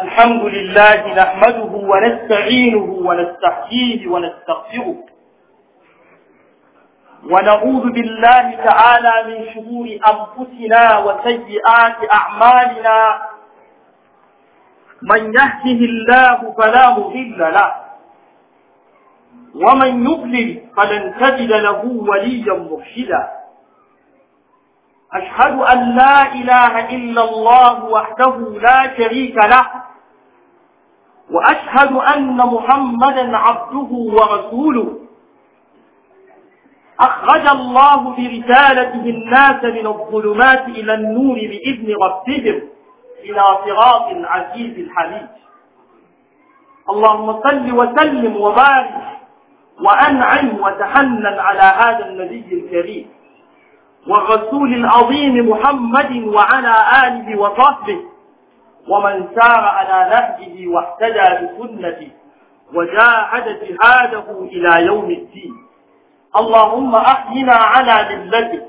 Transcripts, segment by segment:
الحمد لله نحمده ونستعينه ونستحييه ونستغفره ونعوذ بالله تعالى من شرور أنفسنا وسيئات أعمالنا من يهده الله فلا مضل له ومن يضلل فلن تجد له وليا مرشدا أشهد أن لا إله إلا الله وحده لا شريك له وأشهد أن محمدا عبده ورسوله أخرج الله برسالته الناس من الظلمات إلى النور بإذن ربهم إلى صراط العزيز الحميد اللهم صل وسلم وبارك وأنعم وتحنن على هذا النبي الكريم والرسول العظيم محمد وعلى آله وصحبه ومن سار على نهجه واهتدى بسنته وجاهد جهاده إلى يوم الدين اللهم أحينا على ملته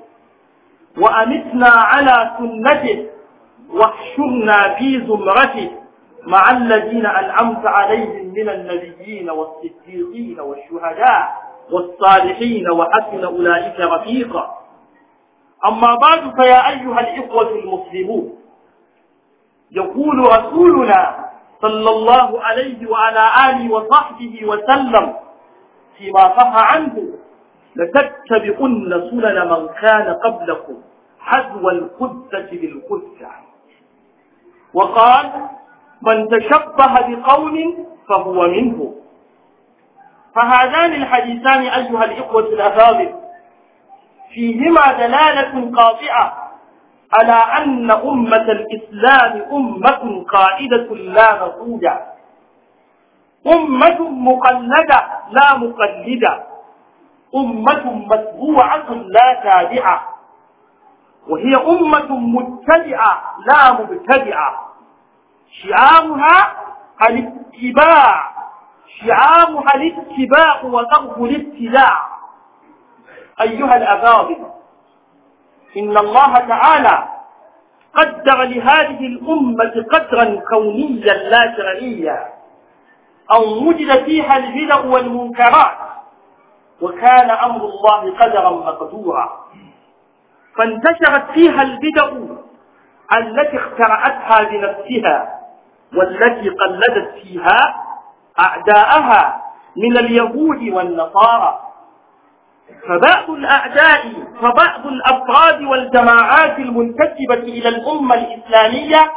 وأمتنا على سنته واحشرنا في زمرته مع الذين أنعمت عليهم من النبيين والصديقين والشهداء والصالحين وحسن أولئك رفيقا أما بعد فيا أيها الإخوة المسلمون يقول رسولنا صلى الله عليه وعلى آله وصحبه وسلم فيما صح عنه لتتبعن سنن من كان قبلكم حذو القدة بالقدة وقال من تشبه بقوم فهو منه فهذان الحديثان أيها الإخوة الأفاضل فيهما دلالة قاطعة على أن أمة الإسلام أمة قائدة لا نقودة أمة مقلدة لا مقلدة أمة متبوعة لا تابعة وهي أمة متبعة لا مبتدعة شعارها الاتباع شعارها الاتباع وترك الابتداع أيها الأفاضل إن الله تعالى قدر لهذه الأمة قدرا كونيا لا شرعيا أو وجد فيها البدع والمنكرات وكان أمر الله قدرا مقدورا فانتشرت فيها البدع التي اخترعتها بنفسها والتي قلدت فيها أعداءها من اليهود والنصارى فبعض الأعداء فبعض الأفراد والجماعات المنتسبة إلى الأمة الإسلامية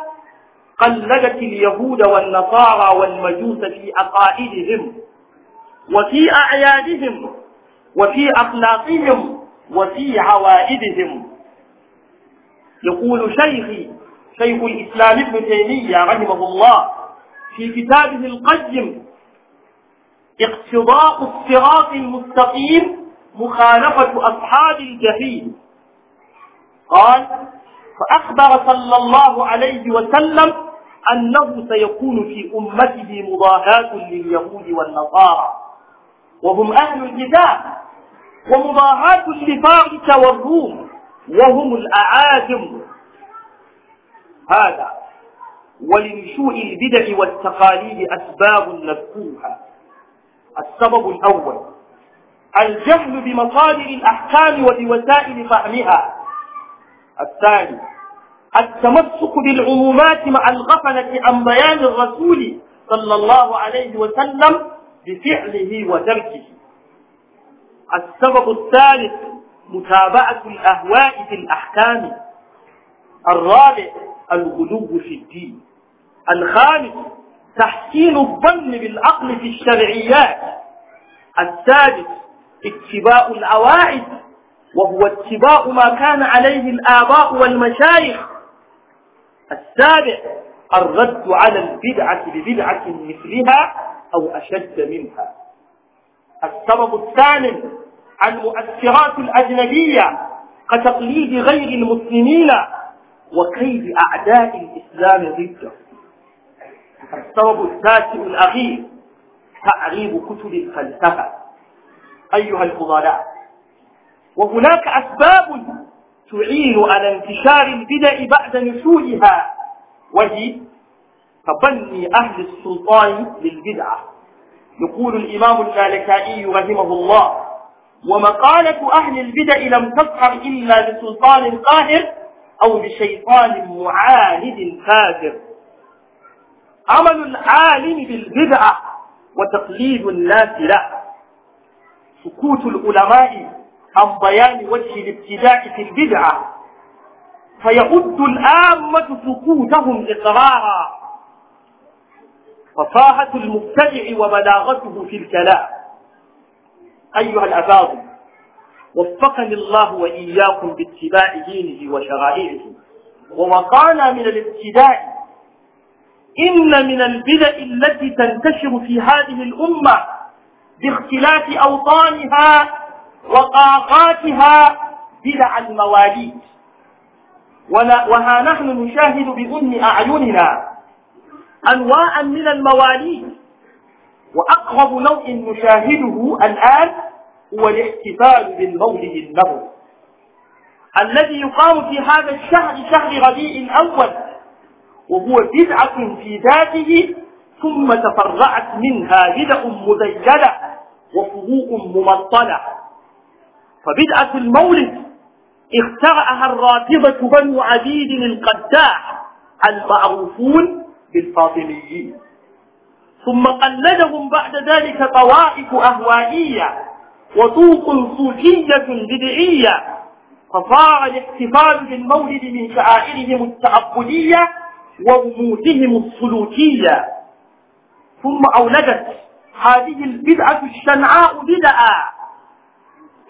قلدت اليهود والنصارى والمجوس في عقائدهم وفي أعيادهم وفي أخلاقهم وفي عوائدهم يقول شيخي شيخ الإسلام ابن تيمية رحمه الله في كتابه القيم اقتضاء الصراط المستقيم مخالفة أصحاب الجحيم قال فأخبر صلى الله عليه وسلم أنه سيكون في أمته مضاهاة لليهود والنصارى وهم أهل الكتاب ومضاهاة لفارس والروم وهم الأعاجم هذا ولنشوء البدع والتقاليد أسباب مفتوحة السبب الأول الجهل بمصادر الأحكام وبوسائل فهمها الثاني التمسك بالعمومات مع الغفلة عن بيان الرسول صلى الله عليه وسلم بفعله وتركه السبب الثالث متابعة الأهواء في الأحكام الرابع الغلو في الدين الخامس تحسين الظن بالعقل في الشرعيات السادس اتباع العوائد وهو اتباع ما كان عليه الآباء والمشايخ السابع الرد على البدعة ببدعة مثلها أو أشد منها السبب الثامن المؤثرات الأجنبية كتقليد غير المسلمين وكيد أعداء الإسلام ضده السبب التاسع الأخير تعريب كتب الفلسفة أيها الفضلاء وهناك أسباب تعين على انتشار البدع بعد نشوئها وهي تبني أهل السلطان للبدعة يقول الإمام المالكائي رحمه الله ومقالة أهل البدع لم تظهر إلا بسلطان قاهر أو بشيطان معاند كافر عمل العالم بالبدعة وتقليد الناس له سكوت العلماء عن بيان وجه الابتداع في البدعة فيعد الآمة سكوتهم إقرارا فصاحة المبتدع وبلاغته في الكلام أيها الأباض وفقني الله وإياكم باتباع دينه وشرائعه ووقانا من الابتداع إن من البدع التي تنتشر في هذه الأمة باختلاف أوطانها وقاقاتها بدع المواليد وها نحن نشاهد بأذن أعيننا أنواعا من المواليد وأقرب نوع نشاهده الآن هو الاحتفال بالمولد النبوي الذي يقام في هذا الشهر شهر ربيع الأول وهو بدعة في ذاته ثم تفرعت منها بدع مذيلة وفروق ممطلة فبدعة المولد اخترعها الرافضة بنو عبيد القداح المعروفون بالفاطميين ثم قلدهم بعد ذلك طوائف أهوائية وطوق صوفية بدعية فصار الاحتفال بالمولد من شعائرهم التعبدية ورموزهم السلوكية ثم أولدت هذه البدعة الشنعاء بدعة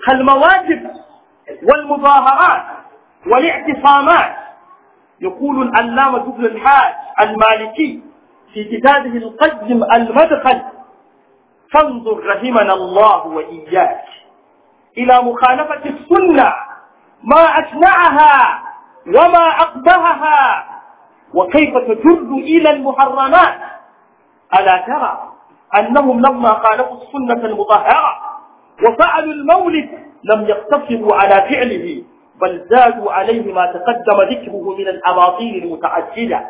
كالمواجب والمظاهرات والاعتصامات يقول العلامة ابن الحاج المالكي في كتابه القدم المدخل فانظر رحمنا الله وإياك إلى مخالفة السنة ما أشنعها وما أقبهها وكيف تجر إلى المحرمات ألا ترى أنهم لما خالفوا السنة المطهرة وفعلوا المولد لم يقتصروا على فعله بل زادوا عليه ما تقدم ذكره من الأباطيل المتعجلة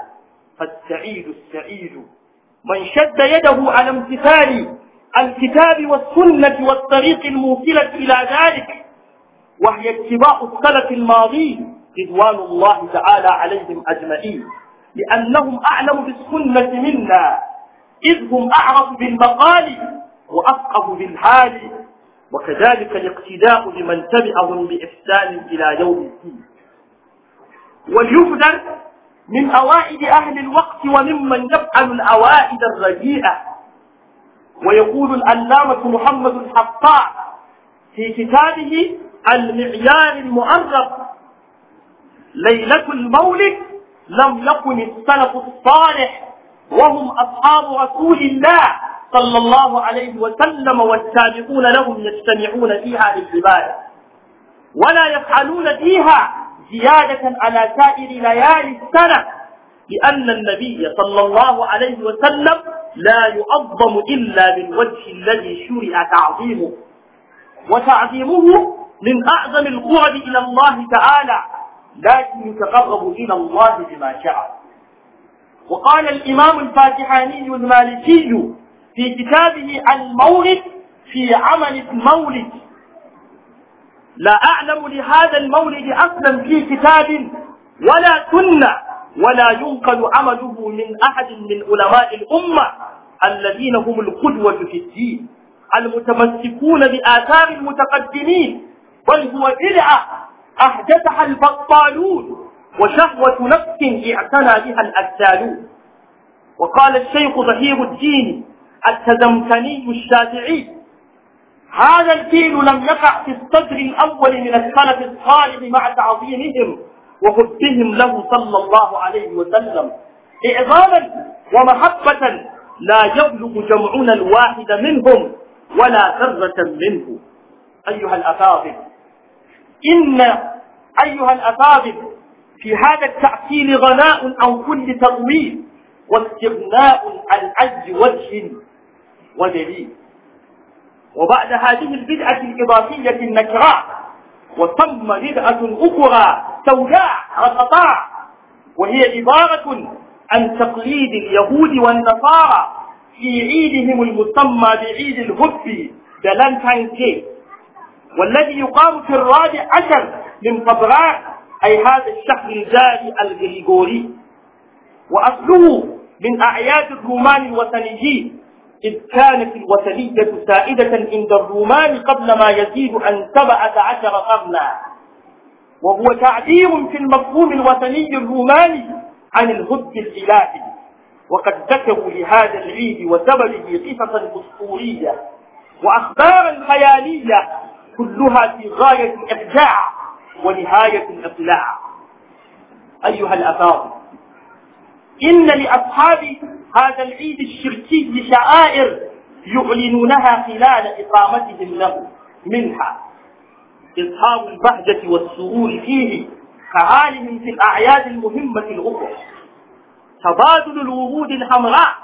فالسعيد السعيد من شد يده على امتثال الكتاب والسنة والطريق الموصلة إلى ذلك وهي اتباع السلف الماضي رضوان الله تعالى عليهم أجمعين لأنهم أعلم بالسنة منا إذ هم أعرف بالمقال وأفقه بالحال وكذلك الاقتداء بمن تبعهم بإحسان إلى يوم الدين وليبذل من أوائد أهل الوقت وممن يفعل الأوائد الرديئة ويقول الألامة محمد الحطاء في كتابه المعيار المعرف ليلة المولد لم يكن السلف الصالح وهم أصحاب رسول الله صلى الله عليه وسلم والسابقون لهم يجتمعون فيها للعبادة ولا يفعلون فيها زيادة على سائر ليالي السنة لأن النبي صلى الله عليه وسلم لا يعظم إلا بالوجه الذي شرع تعظيمه وتعظيمه من أعظم القرب إلى الله تعالى لكن يتقرب إلى الله بما شاء وقال الإمام الفاتحاني المالكي في كتابه المولد في عمل المولد لا أعلم لهذا المولد أصلا في كتاب ولا سنة ولا ينقل عمله من أحد من علماء الأمة الذين هم القدوة في الدين المتمسكون بآثار المتقدمين بل هو بدعة أحدثها البطالون وشهوة نفس اعتنى بها الأبدالون وقال الشيخ ظهير الدين التزمتني الشافعي هذا الفيل لم يقع في الصدر الأول من السلف الصالح مع تعظيمهم وحبهم له صلى الله عليه وسلم إعظاما ومحبة لا يبلغ جمعنا الواحد منهم ولا ذرة منه أيها الأفاضل إن أيها الأفاضل في هذا التأصيل غناء عن كل تطويل واستغناء عن أي وجه ودليل وبعد هذه البدعة الإضافية النكراء وثم بدعة أخرى سوداء رقطاء وهي عبارة عن تقليد اليهود والنصارى في عيدهم المسمى بعيد الهب فالنتاين كي والذي يقام في الرابع عشر من فبراير أي هذا الشهر الجاري الغريغوري وأصله من أعياد الرومان الوثنيين إذ كانت الوثنية سائدة عند الرومان قبل ما يزيد عن سبعة عشر قرنا وهو تعبير في المفهوم الوثني الروماني عن الهد الإلهي وقد ذكروا لهذا العيد وسببه قصصا أسطورية وأخبارا خيالية كلها في غاية الإبداع ونهاية الإطلاع أيها الأفاضل إن لأصحاب هذا العيد الشركي شعائر يعلنونها خلال إقامتهم له منها إصحاب البهجة والسرور فيه كعالم في الأعياد المهمة الأخرى تبادل الورود الحمراء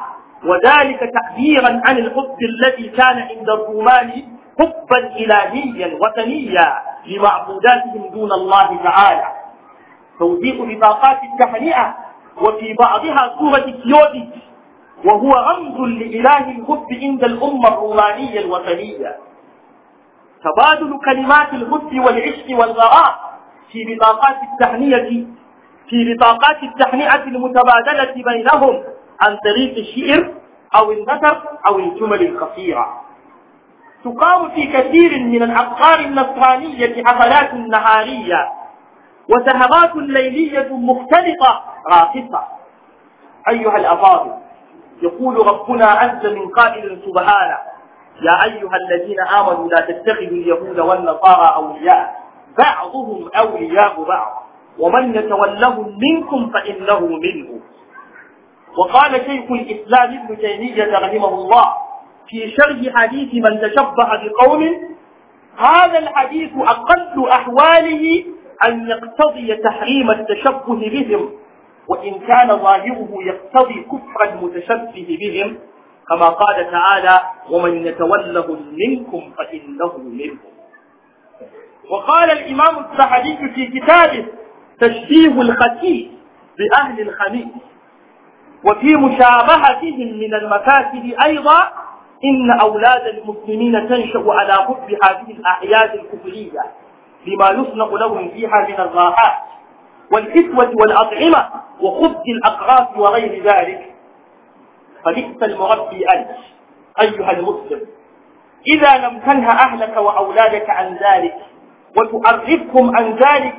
وذلك تعبيرا عن الحب الذي كان عند الرومان حبا إلهيا وثنيا لمعبوداتهم دون الله تعالى توزيع بطاقات التهنئة وفي بعضها سورة كيوتي وهو رمز لإله الحب عند الأمة الرومانية الوثنية تبادل كلمات الحب والعشق والغراء في بطاقات التهنئة في بطاقات التهنئة المتبادلة بينهم عن طريق الشعر أو النثر أو الجمل القصيرة تقام في كثير من الأقطار النصرانية حفلات نهارية وسهرات ليلية مختلطة راقصة أيها الأفاضل يقول ربنا عز من قائل سبحانه يا أيها الذين آمنوا لا تتخذوا اليهود والنصارى أولياء بعضهم أولياء بعض ومن يتولهم منكم فإنه منه وقال شيخ الإسلام ابن تيمية رحمه الله في شرح حديث من تشبع بقوم هذا الحديث أقل أحواله أن يقتضي تحريم التشبه بهم وإن كان ظاهره يقتضي كفر المتشبه بهم كما قال تعالى ومن يتوله منكم فإنه منهم وقال الإمام السعدي في كتابه تشبيه الخسيس بأهل الخميس وفي مشابهتهم من المفاسد أيضا إن أولاد المسلمين تنشأ على حب هذه الأعياد الكفرية بما يصنع لهم فيها من الراحات والكسوة والأطعمة وخبز الأقراص وغير ذلك فبئس المربي أنت أيها المسلم إذا لم تنه أهلك وأولادك عن ذلك وتؤرفهم عن ذلك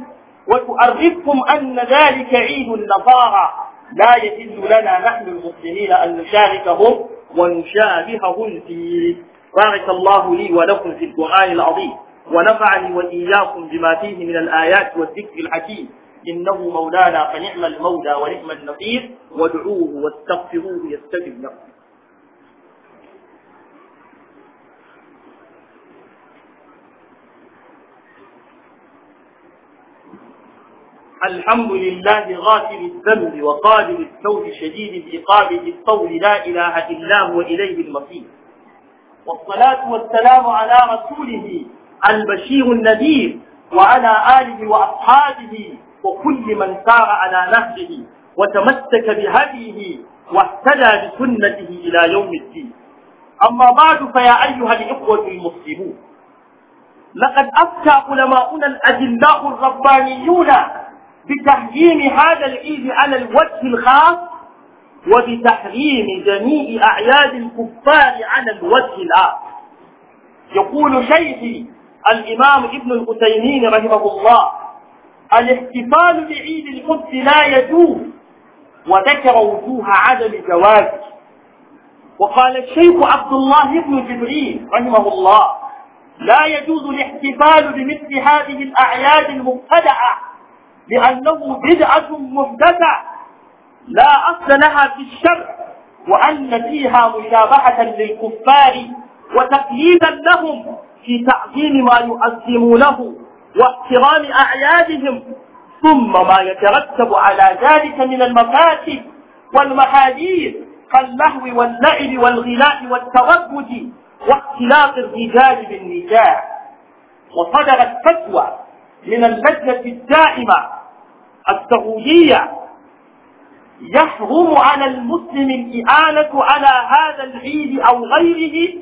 وتؤرفهم أن ذلك عيد النصارى لا يجد لنا نحن المسلمين أن نشاركهم ونشابههم فيه بارك الله لي ولكم في القرآن العظيم ونفعني وإياكم بما فيه من الآيات والذكر الحكيم إنه مولانا فنعم المولى ونعم النصير وادعوه واستغفروه يستجب لكم الحمد لله غافل الذنب وقادر التوب شديد العقاب الطول لا إله إلا هو إليه المصير والصلاة والسلام على رسوله البشير النذير وعلى آله وأصحابه وكل من سار على نهجه وتمسك بهديه واهتدى بسنته إلى يوم الدين أما بعد فيا أيها الإخوة المسلمون لقد أفتى علماؤنا الأجلاء الربانيون بتحجيم هذا العيد على الوجه الخاص وبتحريم جميع أعياد الكفار على الوجه الآخر يقول شيخي الإمام ابن الحسينين رحمه الله الاحتفال بعيد القدس لا يجوز وذكر وجوه عدم جوازه وقال الشيخ عبد الله بن جبريل رحمه الله لا يجوز الاحتفال بمثل هذه الأعياد المبتدعة لأنه بدعة مبتدع لا أصل لها في الشرع وأن فيها مشابهة للكفار وتقييدا لهم في تعظيم ما يؤذمونه واحترام أعيادهم ثم ما يترتب على ذلك من المفاسد والمحاذير كاللهو واللعب والغلاء والتوجد واختلاط الرجال بالنساء وصدرت فتوى من اللجنة الدائمة السعودية يحرم على المسلم الإعانة على هذا العيد أو غيره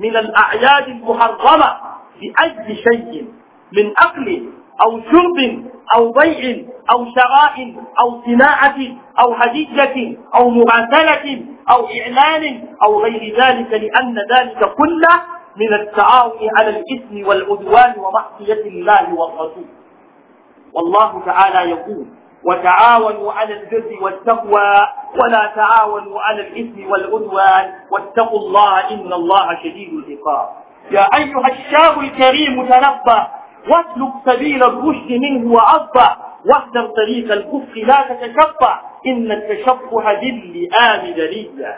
من الأعياد المحرمة لأجل شيء من أكل أو شرب أو بيع أو شراء أو صناعة أو هدية أو مراسلة أو إعلان أو غير ذلك لأن ذلك كله من التعاون على الإثم والعدوان ومعصية الله والرسول والله تعالى يقول وتعاونوا على البر والتقوى ولا تعاونوا على الإثم والعدوان واتقوا الله إن الله شديد العقاب يا أيها الشاب الكريم تنبه واسلك سبيل الرشد منه وعظه واحذر طريق الكفر لا تتشفع إن التشبه باللئام دليله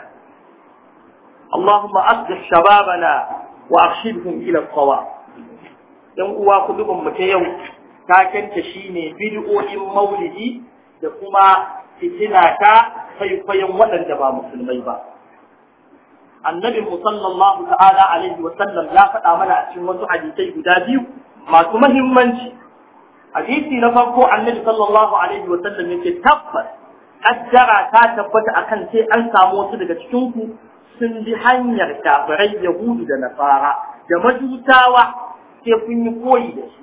اللهم أصلح شبابنا wa arshidhum ila sawa yan uwa kuɗi mu ta yau ta kanta shine bid'o'in maulidi da kuma fitina ta kwaikwayon waɗanda ba musulmai ba annabin sallallahu ta'ala alaihi wa sallam ya faɗa mana a cikin wasu hadisai guda biyu masu muhimmanci hadisi na farko annabi sallallahu alaihi wa sallam yake tabbas addara ta tabbata akan sai an samu wasu daga cikin ku sun bi hanyar kafirai yahudu da nasara da majutawa sai kun yi koyi da shi.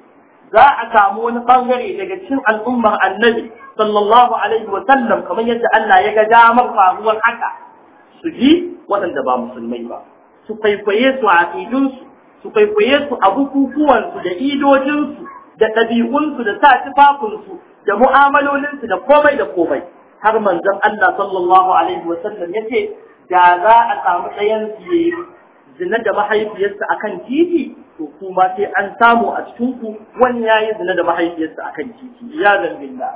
za a samu wani bangare daga cikin al'ummar annabi sallallahu alaihi wa sallam kamar yadda Allah ya ga damar faruwar haka su ji waɗanda ba musulmai ba su kwaikwaye su a aƙidunsu su kwaikwaye su a bukukuwansu da idojinsu da ɗabi'unsu da sa tufafinsu da mu'amalolinsu da komai da komai har manzon Allah sallallahu alaihi wa sallam yace da za a samu ɗayan fiye zina da mahaifiyarsa a kan titi to kuma sai an samu a cikinku wani ya yi zina da mahaifiyarsa a kan titi ya zambilla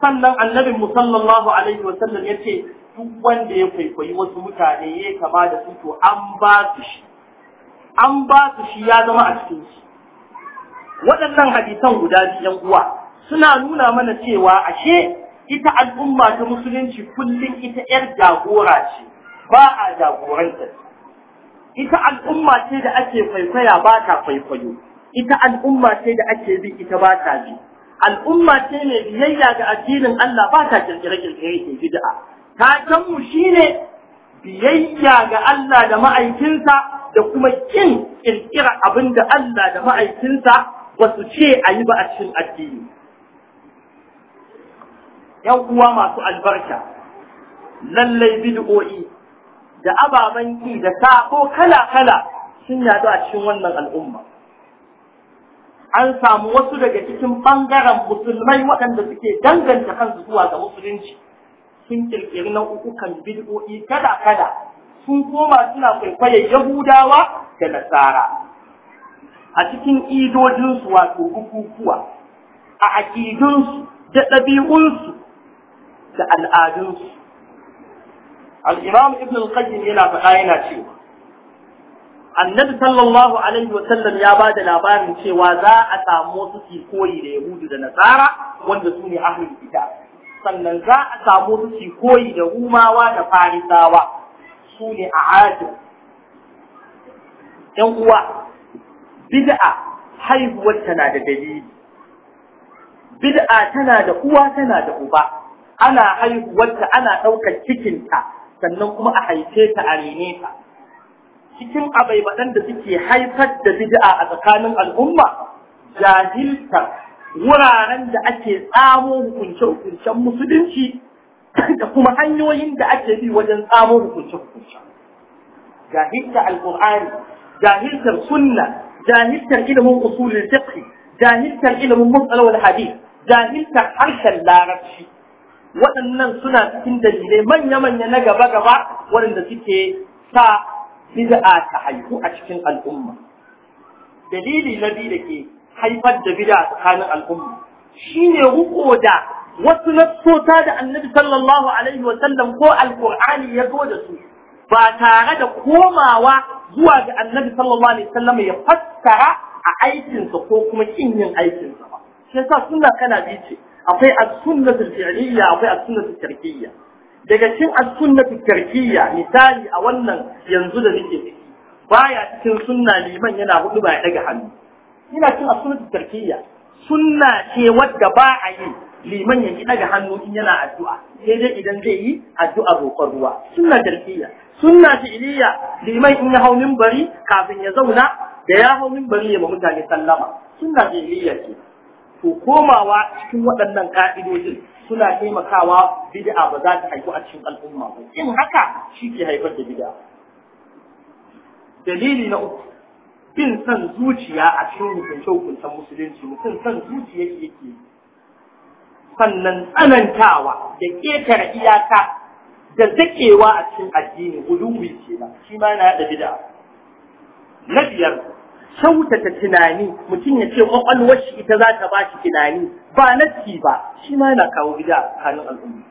sannan annabin mu sallallahu alaihi wa ya yace duk wanda ya kwaikwayi wasu mutane ya kama da su to an ba su shi an ba su shi ya zama a cikin shi waɗannan hadisan guda biyan uwa suna nuna mana cewa ashe ita al'umma ta musulunci kullum ita 'yar jagora ce ba a jagoranta ita al'umma ce da ake kwaikwaya ba ta kwaikwayo ita al'umma ce da ake bi ita ba ta bi al'umma ce mai biyayya ga addinin Allah ba ta kirkire-kirkire ke bid'a ta can mu shine biyayya ga Allah da ma'aikinsa da kuma kin kirkira abin da Allah da ma'aikinsa ba su ce a yi ba a cikin addini ‘yan uwa masu albarka, lallai bid'o'i da ababen ki da sako kala-kala sun yadu a cikin wannan al'umma. An samu wasu daga cikin ɓangaren musulmai waɗanda suke danganta kansu zuwa ga musulunci sun ƙirƙiri nau'ukan bid'o'i kala-kala sun koma suna kwaikwaye Yahudawa da Nasara. a cikin idojinsu wato bukukuwa a aƙidunsu da ɗabi'unsu da al'adunsu al'imam ibn al-qayyim yana faɗa yana cewa annabi sallallahu alaihi wasallam ya ba da labarin cewa za a samu wasu koyi da yahudu da nasara wanda su ne ahlul kitab sannan za a samu wasu koyi da rumawa da farisawa su ne a ajin ‘yan uwa bid'a haihuwar tana da dalili bid'a tana da uwa tana da uba ana haihuwarta ana ɗaukar cikinta sannan kuma a haife ta a rene ta cikin abai da suke haifar da bid'a a tsakanin al'umma jahilta wuraren da ake tsamo hukunce-hukuncen musulunci da kuma hanyoyin da ake bi wajen tsamo hukunce-hukuncen jahilta alƙur'ani jahiltar sunna jahiltar ilimin usulul fiqh jahiltar ilimin musalawal hadith jahiltar harshen larabci waɗannan suna cikin dalilai manya-manya na gaba-gaba waɗanda suke sa bid'a ta haihu a cikin al'umma dalili na biyu da ke haifar da bid'a tsakanin al'umma shine ruko da wasu sota da annabi sallallahu alaihi wa sallam ko alqur'ani ya zo da su ba tare da komawa zuwa ga annabi sallallahu alaihi wa sallam ya fassara a aikinsa ko kuma kin yin aikinsa ba shi yasa sunna kana bice ce akwai as-sunnatul fi'liyya akwai as-sunnatul tarkiyya daga cikin as-sunnatul tarkiyya misali a wannan yanzu da nake ciki baya cikin sunna liman yana hudu ba ya daga hannu ina cikin as-sunnatul tarkiyya sunna ce wadda ba a yi liman ya ki daga hannu in yana addu'a sai dai idan zai yi addu'a roƙon ruwa sunna tarkiyya sunna fi'liyya liman in ya hau minbari kafin ya zauna da ya hau minbari ya wa mutane sallama sunna fi'liyya ce to komawa cikin waɗannan ka'idojin suna taimakawa bid'a ba za ta haifu a cikin al'umma ba in haka shi ke haifar da bid'a dalili na uku bin san zuciya a cikin hukunce hukuncen musulunci mutum san zuciya yake sannan tsanantawa da ƙetare iyaka da zakewa a cikin addini guduwi kenan shi ma yana da bid'a na biyar kyautata tunani mutum ya ce kwakwalwar shi ita za ta ba shi tunani ba nassi ba shi ma yana kawo gida a tsakanin al'umma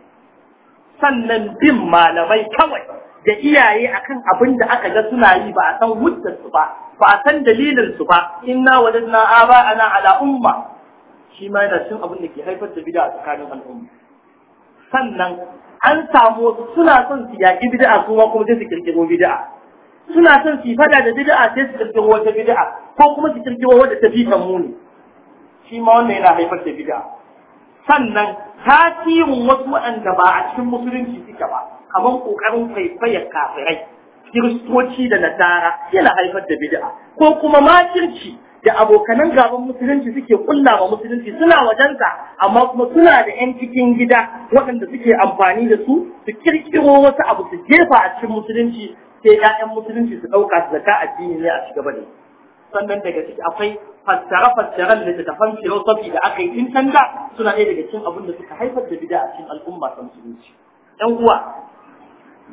sannan bin malamai kawai da iyaye akan abin da aka ga suna yi ba a san hujjar su ba ba a san dalilin su ba inna wajadna aba ana ala umma shi ma yana cin abin da ke haifar da gida a tsakanin al'umma sannan an samu suna son su yaƙi bid'a kuma kuma sai su kirkiro bid'a suna son su fada da bid'a sai su kirkiro wata bid'a ko kuma su kirkiro wanda ta muni shi ma wannan yana haifar da bid'a sannan tasirin wasu waɗanda ba a cikin musulunci suke ba kamar kokarin faifayar kafirai kiristoci da nasara yana haifar da bid'a ko kuma makirci da abokan gaban musulunci suke kulla wa musulunci suna wajensa amma kuma suna da 'yan cikin gida waɗanda suke amfani da su su kirkiro wasu abu su jefa a cikin musulunci sai ƴaƴan musulunci su ɗauka su zaka addini ne a ci gaba da sannan daga ciki akwai fassara fassaran littattafan filosofi da aka yi tun can da suna ɗaya daga cikin abin da suka haifar da bid'a a cikin al'umma ta musulunci ƴan uwa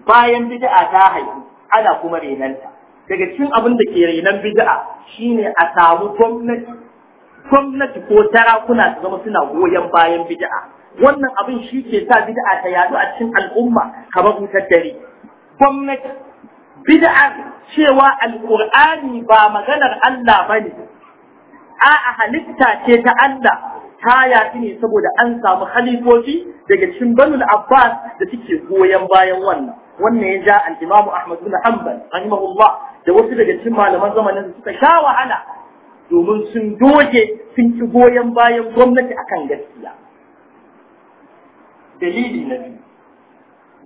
bayan bid'a ta haihu ana kuma renanta daga cikin abin da ke renan bid'a shine a samu gwamnati gwamnati ko sarakuna su zama suna goyon bayan bid'a wannan abin shi ke sa bid'a ta yadu a cikin al'umma kamar wutar dare gwamnati bid'ar cewa alqur'ani ba maganar Allah bane a'a halitta ce ta Allah ta yafi ne saboda an samu halifoci daga cikin banul Abbas da suke goyon bayan wannan wannan ya ja al-Imam Ahmad bin Hanbal rahimahullah da wasu daga cikin malaman zamanin suka sha wahala domin sun doge sun ci goyon bayan gwamnati akan gaskiya dalili na biyu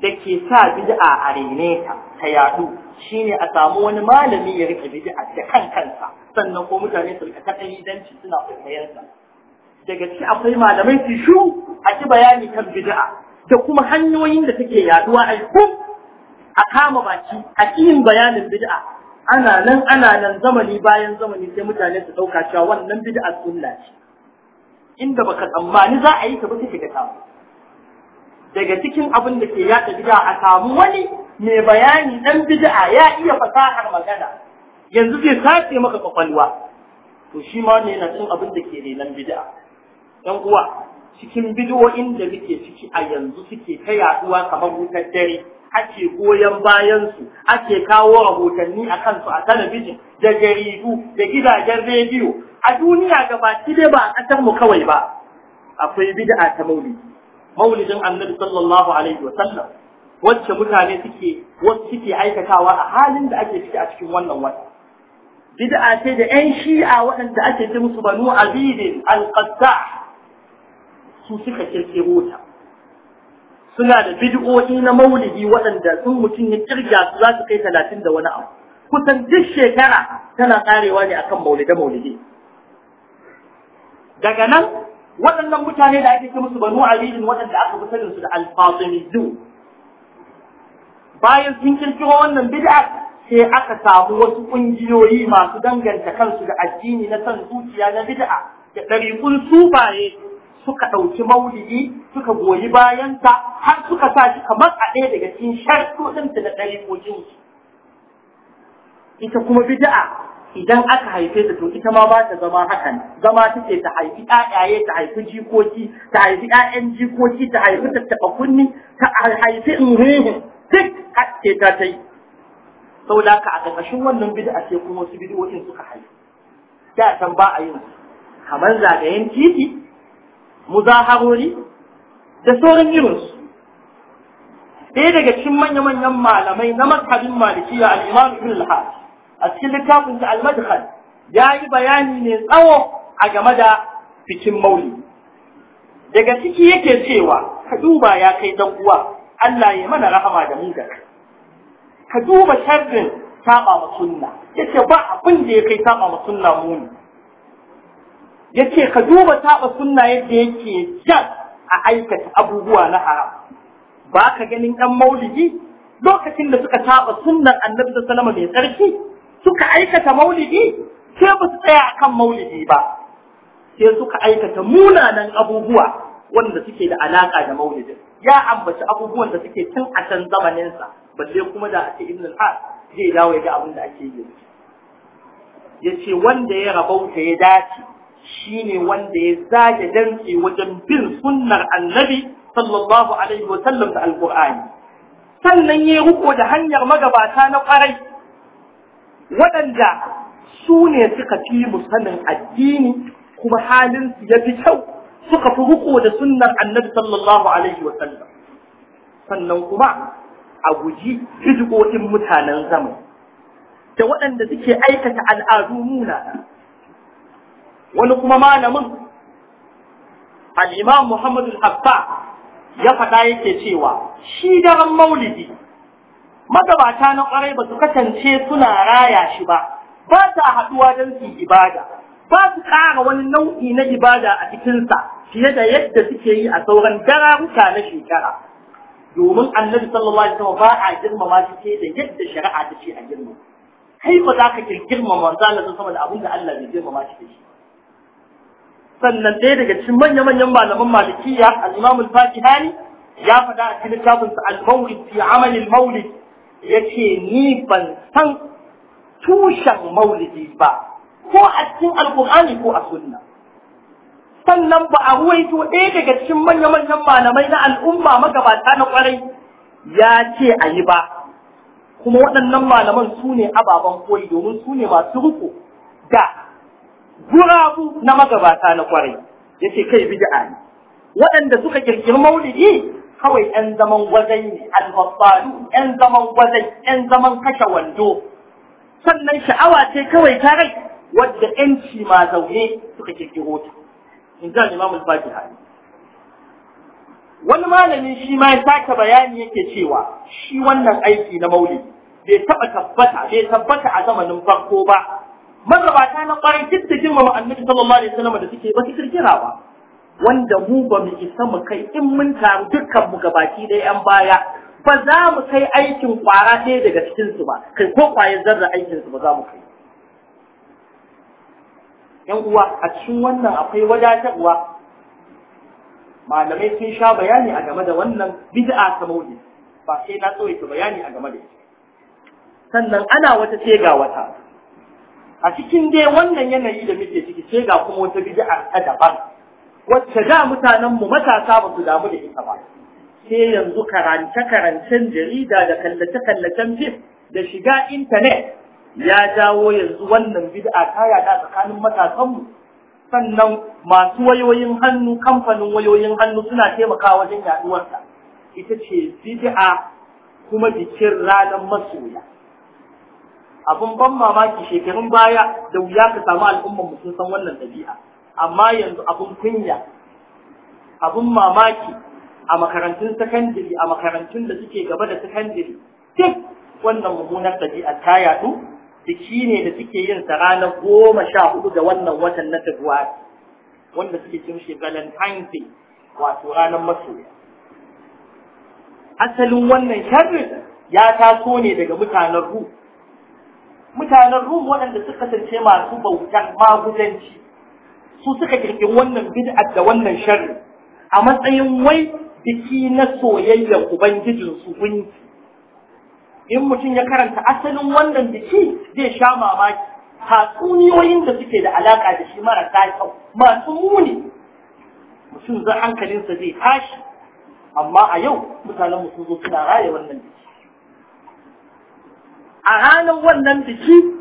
da ke sa bid'a a rene ta ta yadu shine a samu wani malami ya rike bid'a da kan kansa sannan ko mutane su rika ta danci suna kokayen sa daga ci akwai malamai su shu a ci bayani kan bid'a da kuma hanyoyin da take yaduwa a kun a kama baki a cikin bayanin bid'a ana nan ana nan zamani bayan zamani sai mutane su dauka cewa wannan bid'a sunna ce inda baka tsammani za a yi ta ba take da kawo daga cikin abin da ke yaɗa bid'a a samu wani mai bayani dan bid'a ya iya fasahar magana yanzu zai sace maka kwakwalwa to shi ma ne yana cin abin da ke renan bid'a dan uwa cikin bid'o'in da muke ciki a yanzu suke ta yaduwa kamar wutar dare ake goyon bayansu ake kawo rahotanni a kansu a talabijin da jaridu da gidajen rediyo a duniya gaba dai ba a ƙasar mu kawai ba akwai bid'a ta maulidi maulidin annabi sallallahu alaihi wasallam wacce mutane suke wasu suke aikatawa a halin da ake ciki a cikin wannan wata bid'a ce da ƴan shi'a waɗanda ake ce musu banu abidin alqatta su suka kirkiro ta suna da bid'o'i na maulidi waɗanda sun mutum ya kirga su za su kai talatin da wani abu kusan duk shekara tana karewa ne akan maulide maulide daga nan waɗannan mutane da ake ce musu banu aliyin waɗanda aka fi sanin su da alfatimizu bayan sun kirkiro wannan bid'a sai aka samu wasu ƙungiyoyi masu danganta kansu da addini na san zuciya na bid'a da ɗariƙun sufaye suka ɗauki maulidi suka goyi bayanta har suka sa shi kamar a ɗaya daga cikin sharɗoɗinta da ɗariƙokinsu ita kuma bid'a idan aka haife ta to ita ma ba ta zama hakan zama take ta haifi ƴaƴaye ta haifi jikoki ta haifi ƴaƴan jikoki ta haifi tattaɓa kunni ta haifi inhuhu duk ake ta ta yi da ka a ƙarƙashin wannan bid'a ce kuma wasu bid'o'in suka haifi da san ba a yin kamar zagayen titi muzaharori da sauran irinsu ɗaya daga cikin manya-manyan malamai na mazhabin malikiya al-imam ibn al-hajj a cikin littafin da al ya yi bayani ne tsawo a game da bikin maulidi daga ciki yake cewa ka duba ya kai dan uwa Allah ya mana rahama da mu da ka duba sharrin saba ma sunna yace ba abin da ya kai saba ma sunna muni yace ka duba saba sunna yadda yake jar a aikata abubuwa na haram ba ka ganin dan maulidi lokacin da suka saba sunnan annabi sallallahu alaihi wasallam ne tsarki suka aikata maulidi sai ba su tsaya kan maulidi ba sai suka aikata munanan abubuwa wanda suke da alaƙa da maulidin ya ambaci abubuwan da suke tun a can zamaninsa balle kuma da ake ibn al-has zai dawo ya ga abin da ake yi ce wanda ya rabauta ya dace shine wanda ya zage dantse wajen bin sunnar annabi sallallahu alaihi wa sallam da alqur'ani sannan ya riko da hanyar magabata na kwarai waɗanda su ne suka fi mu sanin addini kuma halin su ya fi kyau suka fi riko da sunnar annabi sallallahu alaihi wa sallam sannan kuma a guji hijikokin mutanen zaman da waɗanda suke aikata al'adu nuna wani kuma malamin al'imam Muhammadu Habba ya faɗa yake cewa shi daren maulidi magabata na ƙwarai ba su kasance suna raya shi ba ba sa haɗuwa don su ibada ba su ƙara wani nau'i na ibada a cikinsa fiye da yadda suke yi a sauran dararuka na shekara domin annabi sallallahu alaihi wasallam ba a girmama shi ke da yadda shari'a ta ce a girmama kai ba za ka girmama manzo sama da abin da Allah bai girmama shi da shi sannan ɗaya daga cikin manya-manyan malaman malikiya al-imam al ya faɗa a cikin littafinsa al-mawlid fi amal al-mawlid ya ce ni ban san tushen maulidi ba ko a cikin alkur'ani ko a sunna sannan ba a ruwaito ɗaya daga cikin manya-manyan malamai na al'umma magabata na ƙwarai, ya ce a yi ba kuma waɗannan malaman su ne ababen koyi domin su ne masu riko ga gurabu na magabata na ƙwarai ya ce kai bida'a ne waɗanda suka ƙirƙiri maulidi kawai ‘yan zaman gwazai ne, albabalu, ‘yan zaman gwazai, ‘yan zaman kashe wando, sannan sha'awa ce kawai ta rai wadda ‘yanci ma zaune suka kirkiro ta. In ji Imam Al-Baki hali. Wani malami shi ma ya sake bayani yake cewa shi wannan aiki na maulidi bai taɓa tabbata, bai tabbata a zamanin farko ba. Magabata na ƙwarai duk da girmama annabi sallallahu alaihi wasallam da suke ba su kirkira ba. wanda mu ba mu isa mu kai in mun taru dukkan mu gabaki da yan baya ba za mu kai aikin kwara ɗaya daga cikin su ba kai ko kwaye zarra aikin su ba za mu kai yan uwa a cikin wannan akwai wadatarwa malamai sun sha bayani a game da wannan bid'a ta maulid ba sai na tsawaita bayani a game da shi. sannan ana wata tega ga wata a cikin dai wannan yanayi da muke ciki sai ga kuma wata bid'a ta daban wacce da mutanenmu matasa ba su damu da ita ba sai yanzu karance-karancen jarida da kallace-kallacen fim da shiga intanet ya jawo yanzu wannan bid'a ta yada tsakanin matasanmu sannan masu wayoyin hannu kamfanin wayoyin hannu suna taimakawa wajen yaduwarsa ita ce bid'a kuma bikin ranar masoya abin ban mamaki shekarun baya da wuya ka samu al'ummar mu sun san wannan ɗabi'a amma yanzu abun kunya abun mamaki a makarantun sakandiri a makarantun da suke gaba da sakandiri duk wannan mummunar ɗabi'a ta yaɗu biki ne da suke yin sa ranar goma sha hudu da wannan watan na Februari wanda suke cin shi Valentine's Day wato ranar masoya asalin wannan sharrin ya taso ne daga mutanen Rum mutanen Rum waɗanda suka kasance masu bautar magudanci su suka kirkiri wannan bid'a da wannan sharri a matsayin wai biki na soyayyar ubangijin su kun in mutum ya karanta asalin wannan biki zai sha mamaki tatsuniyoyin da suke da alaka da shi mara kyau masu muni mutum za hankalinsa zai tashi amma a yau mutanen sun zo suna raye wannan biki a ranar wannan biki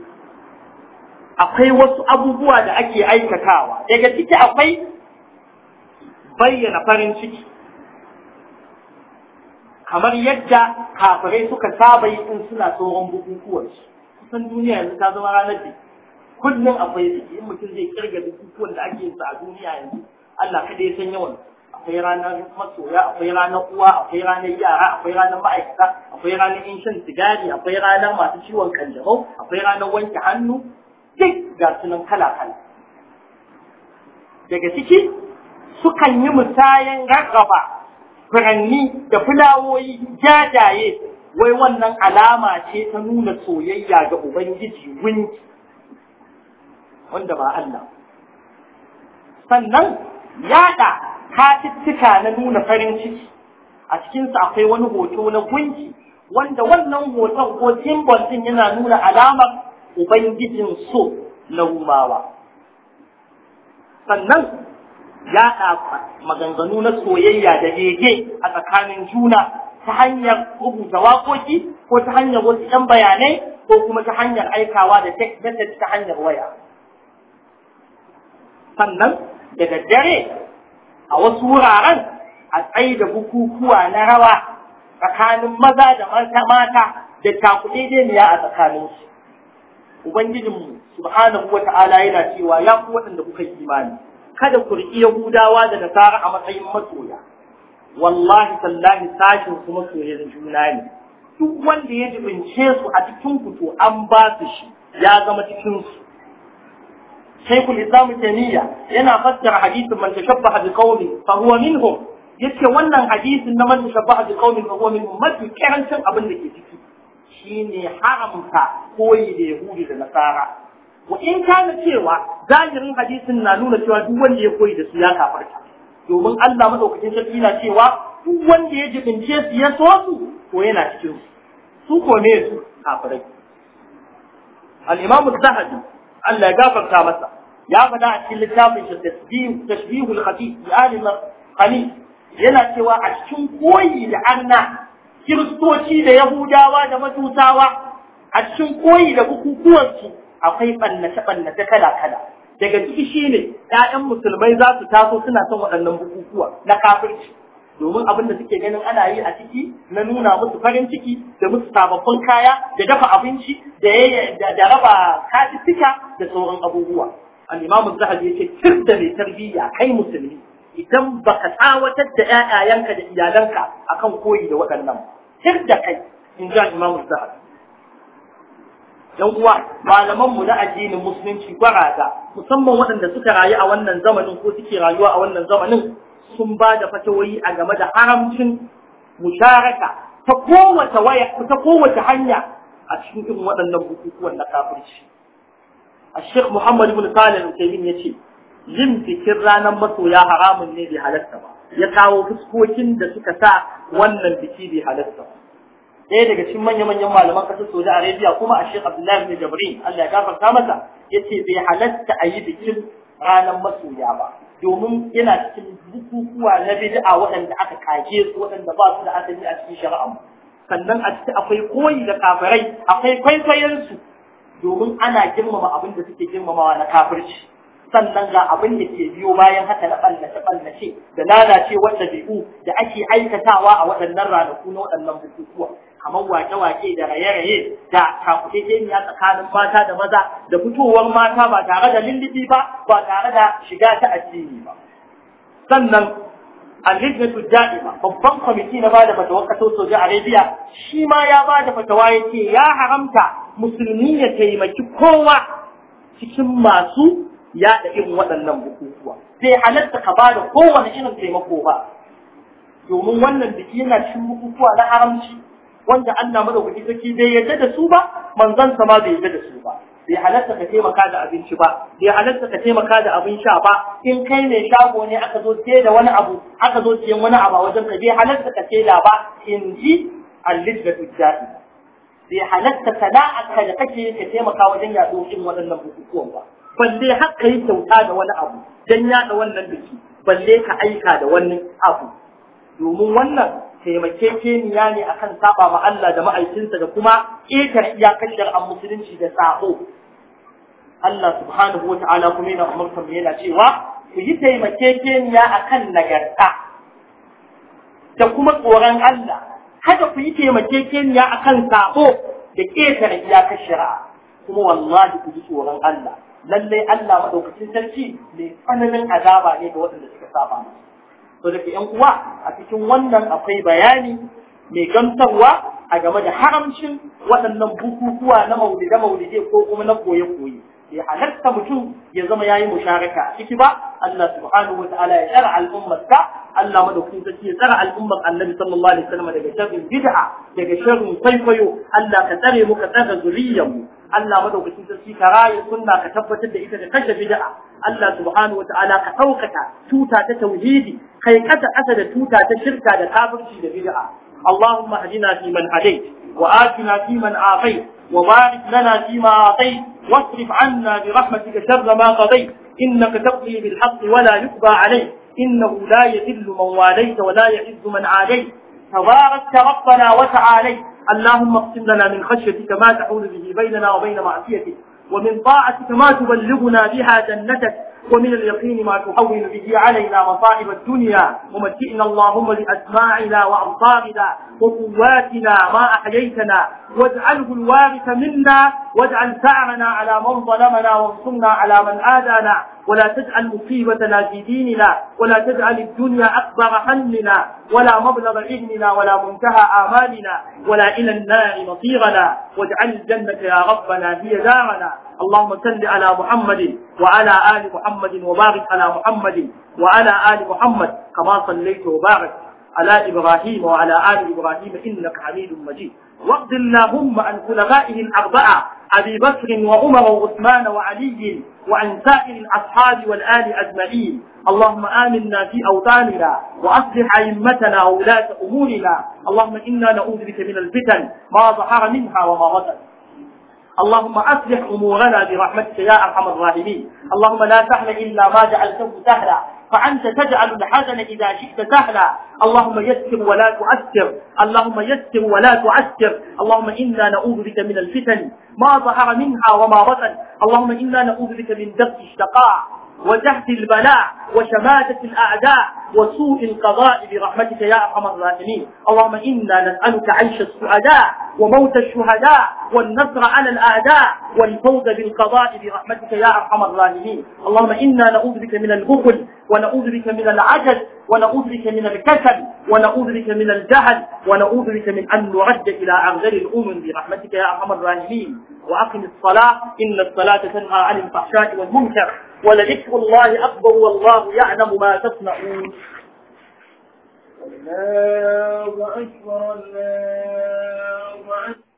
akwai wasu abubuwa da ake aikatawa daga ciki akwai bayyana farin ciki kamar yadda kafirai suka saba yi in suna tsohon bukukuwar kusan duniya yanzu ta zama ranar da kullum akwai biki in mutum zai kirga bukukuwan da ake yinsa a duniya yanzu Allah kada ya san yawan akwai ranar masoya akwai ranar uwa akwai ranar yara akwai ranar ma'aikata akwai ranar in shan sigari akwai ranar masu ciwon kanjamau akwai ranar wanke hannu duk ga sunan kala-kala daga ciki sukan yi musayen rarrafa furanni da fulawoyi jajaye wai wannan alama ce ta nuna soyayya ga ubangiji gunki wanda ba Allah sannan yada katittika na nuna farin ciki a cikinsa akwai wani hoto na gunki wanda wannan hoton ko simbol ɗin yana nuna alamar ubangijin so na rumawa sannan ya yaɗa maganganu na soyayya da yege a tsakanin juna ta hanyar rubuta waƙoƙi ko ta hanyar wasu 'yan bayanai ko kuma ta hanyar aikawa da text ta hanyar waya sannan daga dare a wasu wuraren a tsaye da bukukuwa na rawa tsakanin maza da mata da cakuɗe a tsakaninsu ubangijinmu subhanahu ta'ala yana cewa ya ku waɗanda kuka yi imani kada ku riƙi yahudawa da nasara a matsayin masoya wallahi tallahi sashin su masoyan juna ne duk wanda ya jibince su a cikin ku an ba su shi ya zama cikin su Shaykhul Islam yana fassara hadisin man tashabbaha bi Qawmin fa huwa minhum yace wannan hadisin na man tashabbaha bi Qawmin fa huwa minhum mafi karancin abin da ke ciki shine haramta koyi da yahudi da nasara wa in kana cewa zahirin hadisin na nuna cewa duk wanda ya koyi da su ya kafarta domin Allah madaukakin sarki na cewa duk wanda ya jibince su ya so su to yana cikin su su ko ne su kafirai al-imam az-zahabi Allah ya gafarta masa ya faɗa a cikin littafin shi tasbih tashbihul khatib bi yana cewa a cikin koyi da anna kiristoci da yahudawa da matutawa a cikin koyi da bukukuwansu akwai ɓannace-ɓannace kala-kala daga ciki shine ‘ya'yan musulmai za su taso suna son waɗannan bukukuwa na kafirci domin abin da suke ganin ana yi a ciki na nuna musu farin ciki da musu sababbin kaya da dafa abinci da raba katistika da sauran abubuwa al'imamu zahar ya ce tir da mai tarbiyya kai musulmi idan ba ka tsawatar da ‘ya'yayenka da iyalanka a kan koyi da waɗannan sir da kai in ji imamu zahar yan uwa malamanmu na addinin musulunci gwaraga, musamman waɗanda suka rayu a wannan zamanin ko suke rayuwa a wannan zamanin sun ba da fatawoyi a game da haramcin musharaka ta kowace waya ta kowace hanya a cikin irin waɗannan bukukuwan na kafirci الشيخ muhammadu بن صالح ya ce. yin bikin ranar masoya haramun ne bai halatta ba ya kawo fuskokin da suka sa wannan biki bai halatta ba ɗaya daga cikin manya-manyan malaman ƙasar Saudi Arabia kuma a Sheikh Abdullahi bin Jabrin Allah ya gafarta masa yace bai halatta a yi bikin ranar masoya ba domin yana cikin bukukuwa na bid'a waɗanda aka kage su waɗanda ba su da asali a cikin shari'a sannan a ciki akwai koyi da kafirai akwai kwaikwayon domin ana girmama abin da suke girmamawa na kafirci sannan ga abin da ke biyo bayan haka na ɓallace-ɓallace da lalace wata biyu da ake aikatawa a waɗannan ranaku na waɗannan bukukuwa kamar wake-wake da raye-raye da a tsakanin mata da maza da fitowar mata ba tare da lullubi ba ba tare da shiga ta addini ba sannan al-lajnatu da'ima babban kwamiti na bada fatawa kasar Saudi Arabia shi ma ya bada fatawa yake ya haramta musulmi ya taimaki kowa cikin masu yaɗa irin waɗannan bukukuwa sai halatta ka ba da kowane irin taimako ba domin wannan biki yana cikin bukukuwa na haramci wanda Allah madaukaki sarki bai yadda da su ba manzon sa ma bai yadda da su ba bai halatta ka taimaka da abinci ba bai halatta ka taimaka da abin sha ba in kai ne shago ne aka zo sai da wani abu aka zo siyan wani abu a wajen ka bai halatta ka da ba in ji al-lidda tujjahi bai halatta sana'a ka da kake ka taimaka wajen yaɗo irin waɗannan bukukuwan ba balle har ka yi kyauta da wani abu don yaɗa wannan biki balle ka aika da wani abu domin wannan taimakekeniya ne akan saba ma Allah da ma'aikinsa da kuma ƙetar iyakan an musulunci da sa'o. Allah subhanahu wa ta'ala kuma yana umartar mu yana cewa ku yi taimakekeniya akan nagarta da kuma tsoron Allah kada ku yi taimakekeniya akan sa'o da ƙetar iyakar shari'a kuma wallahi ku ji tsoron Allah lallai Allah maɗaukacin sarki mai tsananin azaba ne ga waɗanda suka saba masa to daga ƴan uwa a cikin wannan akwai bayani mai gamsarwa a game da haramcin waɗannan bukukuwa na maulide maulide ko kuma na koye koye ya halatta mutum ya zama yayi musharaka a ciki ba Allah subhanahu wa ta'ala ya tsara al'ummar ka Allah madaukakin sarki ya tsara al'ummar Annabi sallallahu alaihi wasallam daga sharrin bid'a daga sharrin kwaikwayo Allah ka tsare mu ka tsare zuriyar mu Allah madaukakin sarki ka raye sunna ka tabbatar da ita da kashe bid'a Allah subhanahu wata'ala ka saukaka tuta ta tauhidi kai kasa kasa da tuta ta shirka da kafirci da bid'a اللهم اهدنا فيمن هديت وآتنا فيمن عافيت وبارك لنا فيما أعطيت واصرف عنا برحمتك شر ما قضيت إنك تقضي بالحق ولا يقضى عليك إنه لا يذل من واليت ولا يعز من عاديت تبارك ربنا وتعاليت اللهم اقسم لنا من خشيتك ما تحول به بيننا وبين معصيتك ومن طاعتك ما تبلغنا بها جنتك ومن اليقين ما تحول به علينا مصائب الدنيا ومتئنا اللهم لأسماعنا وأبصارنا وقواتنا ما أحييتنا واجعله الوارث منا واجعل سعرنا على من ظلمنا وانصرنا على من آذانا ولا تجعل مصيبتنا في ديننا ولا تجعل الدنيا أكبر حملنا ولا مبلغ علمنا ولا منتهى آمالنا ولا إلى النار مصيرنا واجعل الجنة يا ربنا هي دارنا اللهم صل على محمد وعلى آل محمد وبارك على محمد وعلى آل محمد كما صليت وبارك على إبراهيم وعلى آل إبراهيم إنك حميد مجيد واقض اللهم عن خلفائه الأربعة أبي بكر وعمر وعثمان وعلي وعن سائر الأصحاب والآل أجمعين اللهم آمنا في أوطاننا وأصلح أئمتنا وولاة أمورنا اللهم إنا نعوذ بك من الفتن ما ظهر منها وما بطن اللهم أصلح أمورنا برحمتك يا أرحم الراحمين اللهم لا سهل إلا ما جعلته سهلا فأنت تجعل الحزن إذا شئت سهلا اللهم يسر ولا تعسر اللهم يسر ولا تعسر اللهم إنا نعوذ بك من الفتن ما ظهر منها وما بطن اللهم إنا نعوذ بك من درس الشقاء وجهد البلاء وشماتة الأعداء وسوء القضاء برحمتك يا أرحم الراحمين اللهم إنا نسألك عيش السعداء وموت الشهداء والنصر على الأعداء والفوز بالقضاء برحمتك يا أرحم الراحمين اللهم إنا نعوذ بك من البخل ونعوذ بك من العجل ونعوذ بك من الكسل ونعوذ بك من الجهل ونعوذ بك من أن نعد إلى أغذر الأمم برحمتك يا أرحم الراحمين وأقم الصلاة إن الصلاة تنهى عن الفحشاء والمنكر ولذكر الله أكبر والله يعلم ما تصنعون الله أكبر الله أكبر